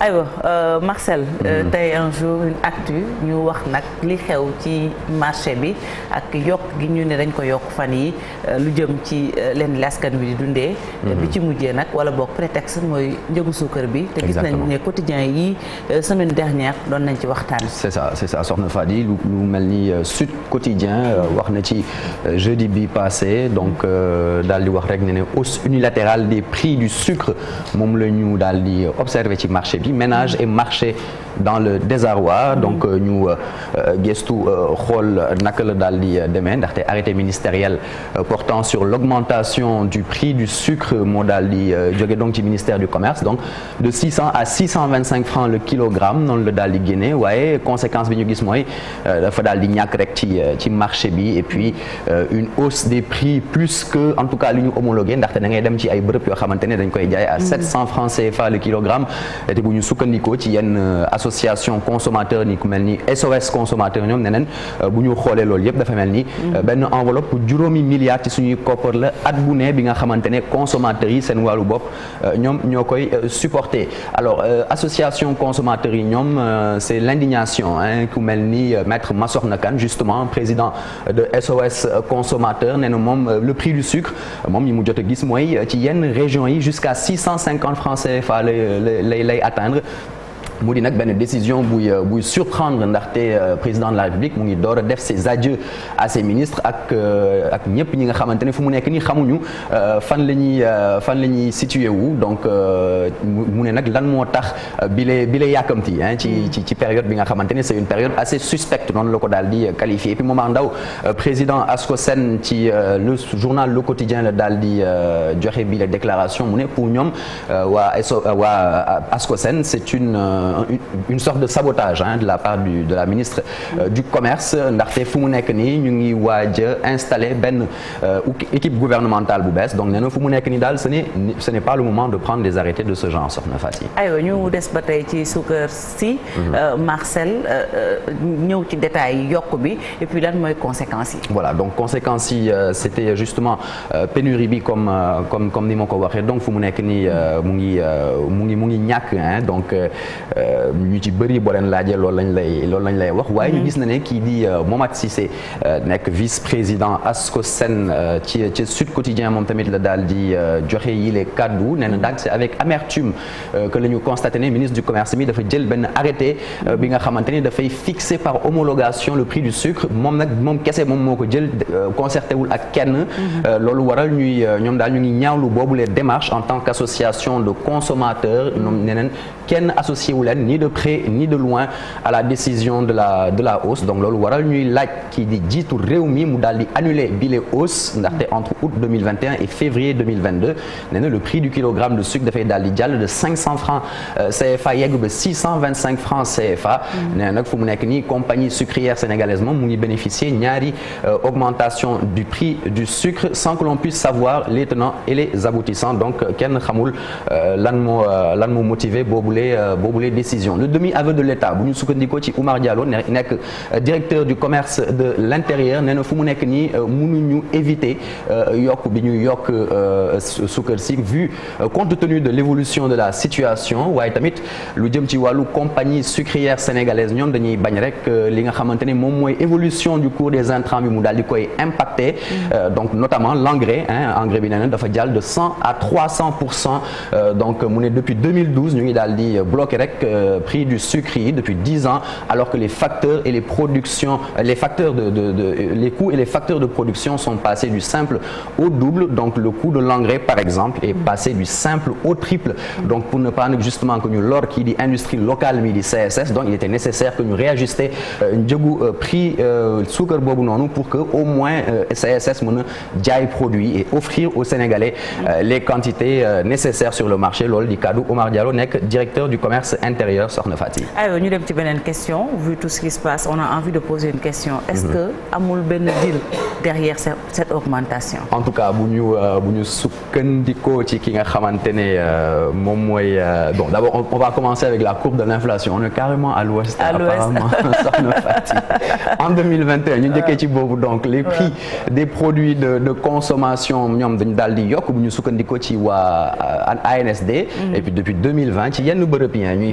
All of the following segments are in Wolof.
aywa euh, Marcel euh, mhm. tey un jour une actu ñu wax nag li xew ci marché bi ak yokk gi ñu ne dañ ko yokk fan yi euh, lu jëm ci leen askan wi di dundee te mhm. bi ci mujjee nag wala boog prétexte mooy njëgu suukar bi te gis nañ ne quotidien yi semaine dernière doon nañ ci waxtaan c'est ça c'est ça soxna Fadi lu mel ni Sud Quotidien wax na ci jeudi bi passé donc daal di wax rek ne ne hausse unilatérale des prix du sucre moom la ñu daal di observé ci marché bi du ménage et marché dans le désarroi mm-hmm. donc euh, ñu euh, gestu euh, xool naka la daal di demee ndaxte arrêté ministériel portant sur l'augmentation du prix du sucre moo daal di jóge donc ci ministère du commerce donc de 600 à 625 francs le kilogramme noonu la daal di génne waaye conséquence ñu gis mooy dafa di ñàkk rek ci ci marché bi et puis une hausse des prix plus tout cas li ñu homologué ndaxte da ngay dem ci ay bërëb yoo xamante ne dañ koy jaay à 700 mm-hmm. francs CFA le ci yenn association consommateur ni ku mel ni SOS consommateur ñoom ne neen euh, bu ñu xoolee loolu yëpp dafa mel ni euh, mm-hmm. benn enveloppe bu juróomi milliards ci suñuy koppar la at bu ne bi nga xamante ne consommateurs yi seen wàllu bopp euh, ñoom ñoo koy supporter alors association consommateurs yi ñoom c'est l'indignation ku mel ni maître Massokhna Kane justement président de SOS consommateur nee na moom le prix du sucre moom yi mu jot a gis mooy ci yenn région yi jusqu'à 650 francs CFA lay lay lay atteindre mu di nag benn décision buy euh, buy surprendre ndaxte euh, président de la république mu ngi door a def ses adieux à ses ministres ak euh, ak ñëpp ñi nga xamante ne fu mu nekk nii xamuñu fan la ñuy fan la ñuy situé wu donc mu ne nag lan moo tax bile bile yàkkamti hein ci ci ci période bi nga xamante ne c'est une période assez suspecte noonu la ko daal di qualifié et puis Momar Ndao président ASCOSEN ci journal Le Quotidien la daal di joxe bile déclaration mu ne pour ñoom waa waa ASCOSEN c'est une Euh, une sorte de sabotage hein, de la part du de la ministre euh, du commerce ndaxte fu mu nekk nii ñu ngi waaj a installer benn euh, équipe gouvernementale bu bees donc nee na fu mu nekk nii daal ce n'est ce pas le moment de prendre des arrêtés de ce genre soxna Fatick. aywa ñu des ba tey ci suukar si. Mhm. Marcel ñëw ci détail yokk bi et puis lan mooy conséquences yi. voilà donc conséquences yi c'était justement pénurie bi comme comme comme ni ma ko waxee donc fu mu nekk nii mu ngi mu ngi mu ngi ñàkk donc. Euh, ñu ci bëri boo leen laajee loolu lañ lay loolu lañ lay wax waaye ñu gis na ne kii di euh, Momath Cissé euh, nekk vice président Ascosen ci ci Sud Quotidien moom tamit la daal di joxe yi les kaddu nee na daal c'est avec amertume que la ñu constaté ne ministre du commerce mi dafa jël benn arrêté bi nga xamante ni dafay fixer par homologation le prix du sucre moom nag moom kese moom moo ko jël concerté wul ak kenn mm-hmm. loolu waral ñuy ñoom daal ñu ngi boobu les démarches en tant qu'association de consommateurs ñoom neneen leen ni de près ni de loin à la décision de la de la jiitu réew mi mu daal di annuler bile hausse ndaxte entre août 2021 et février 2022 nee na le prix du di jàll de 500 francs euh, CFA yegg ba 625 francs CFA mm. nee nag fu nii compagnie sucrière sénégalaise moom mu ngi bénéficier ñaari euh, augmentation du du sucre sans que l'on puisse savoir les tenants et les aboutissants donc euh, lan moo lan moo motivé boobule boobule décisions le demi-aveu de l'État bu ñu sukkandikoo ci Oumar Diallo nekk euh, directeur du commerce de l'intérieur nee na fu mu nekk nii euh, mënuñu éviter euh, yokk bi ñu yokk sukkar si vu compte tenu de l'évolution de la situation waaye tamit lu jëm ci wàllu compagnie sucrière sénégalaise ñoom dañuy bañ rek li nga xamante ni moom mooy évolution du cours des intrants bi mu daal di koy impacter mm-hmm. donc notamment l'engrais engrais bi nee na dafa jàll de 100 à donc mu depuis 2012 ñu di bloquer euh, prix du sucrier depuis 10 ans, alors que les facteurs et de, coûts et les facteurs de production sont passés du simple au double. Donc le coût de l'engrais, par exemple, est passé du simple au triple. Donc pour ne pas justement que lor qui dit industrie locale mi di CSS, donc il était nécessaire que nous réajustions euh, njëgu euh, prix euh, suukar boobu noonu pour que au moins CSS mën a jaay produit et offrir au Sénégalais les quantités nécessaires sur le marché. loolu di kaddu l'intérieur soxna Fati. aywa ñu dem ci beneen question vu tout ce qui se passe on a envie de poser une question. est-ce mhm. que amul benn deal derrière cette augmentation. en tout cas bu ñu euh, bu ñu sukkandikoo ci ki nga xamante ne euh, moom mooy euh, bon d'abord on va commencer avec la courbe de l'inflation on est carrément à l'ouest apparemment soxna Fati en 2021 ñu njëkkee ci boobu donc les prix des produits de de consommation ñoom dañu daal di yokk bu ñu sukkandikoo ci waa ANSD. Mhm. et puis depuis 2020 ci yenn bërëb yi ñuy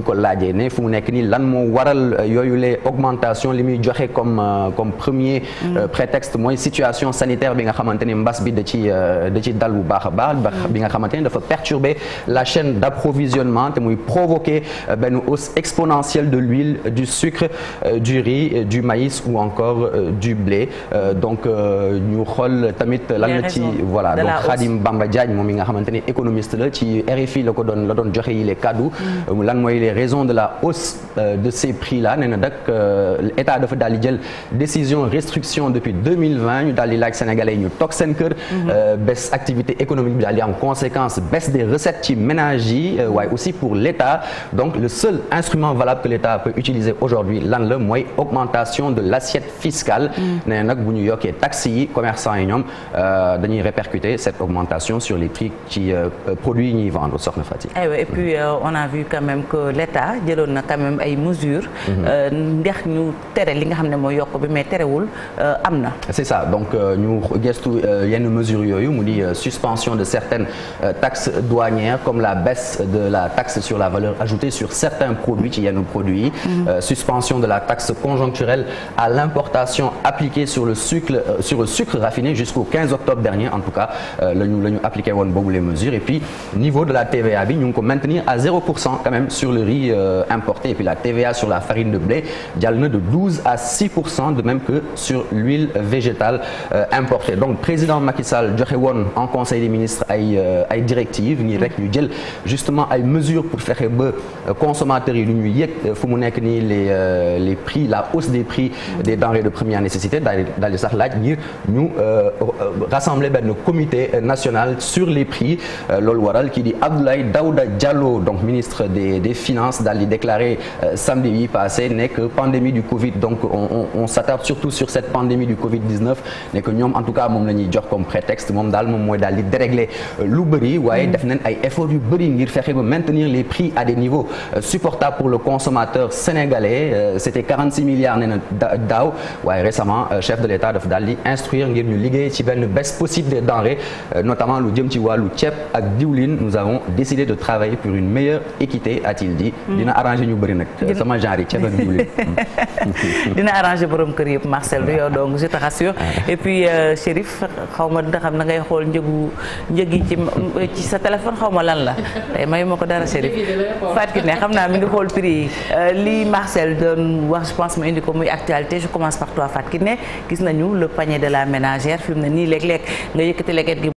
ñu ko laajee fu mu nekk nii lan moo waral euh, yooyu les augmentation li muy joxe comme euh, comme premier euh, mm. prétexte mooy situation sanitaire bi nga xamante ne mbas bi da ci da ci dal bu baax a baax mm. bi nga xamante ne dafa perturber la chaîne d'approvisionnement te muy provoquer benn hausse exponentielle de l'huile du sucre du riz du maïs ou encore du blé donc ñu xool tamit lan la ci voilà donc Khadim Bamba Diagne moom mi nga xamante ne économiste la ci RFI ko doon la doon joxe yi mm. les kaddu les raisons de la hausse euh, de ces prix-là nee na nag euh, état dafa daal di jël décision restriction depuis 2020 ñu daal di laaj seen kër. Mhm. Euh, baisse activité économique bi daal di am conséquence baisse des recettes ci ménages yi waaye aussi pour l'État donc le seul instrument valable que l'État peut utiliser aujourd'hui lan la mooy augmentation de l'assiette fiscale. Mhm. nee nag bu ñu yokkee taxes yi commerçants yi ñoom dañuy répercuter cette augmentation sur les prix ci produit yi ñuy vendre soxna Fatick. Eh et l'État jëloon na quand même ay mhm. euh, tere li nga ne mooy yokk bi mais euh, na. c'est ça donc euh, ñu gëstu yenn yooyu mu di suspension de certaines taxes douanières comme la baisse de la taxe sur la valeur ajoutée sur certains produits ci yenn produits mhm. suspension de la taxe conjoncturelle à l'importation appliquée sur le sucre sur raffiné jusqu'au octobre dernier en tout cas la ñu la ñu appliqué woon boobu les mesures niveau de la TVA bi ñu ngi maintenir à 0 pour cent quand même sur le riz euh, importé et puis la TVA sur la farine de blé jàll na de 12 à 6 pour cent de même que sur l'huile végétale euh, importée donc président Macky Sall en conseil des ministres ay euh, ay directives ñi rek ñu jël justement ay mesures pour fexe ba consommateurs yi lu ñuy yëg nekk nii les les prix la hausse des prix des denrées de première nécessité daal di daal di rassembler benn comité national sur les prix loolu waral kii di Daouda Diallo donc ministre des des finance daal di déclaré euh, samedi bi passé ne que pandémie du Covid donc on on surtout sur cette pandémie du Covid 19 ne en tout cas moom la ñuy comme prétexte moom daal moom mooy daal di dérégler euh, lu bëri waaye def nañ maintenir les prix à des niveaux euh, supportables pour le consommateur sénégalais c'était 46 milliards nee na daaw waaye récemment chef de l'État dafa daal di instruire ngir ñu liggéey ci benn nous avons décidé de travailler gi. Hmm. dina arrangé ñu bëri nag. sama genre yi ceeb ak diwlin. dina arrangé borom kër yëpp Marcel du yow donc je te rassure. et puis euh, Chérif xaw ma na ngay xool njëgu njëg yi ci sa téléphone xaw ma lan la tey eh, may ko dara Chérif. Fatou Kiné xam naa mi ngi xool prix yi euh, li Marcel doon wax je pense mu indi muy actualité je commence par toi Fatou Kiné gis nañu le panier de la ménagère fi mu ne nii léeg-léeg nga yëkkati leget gi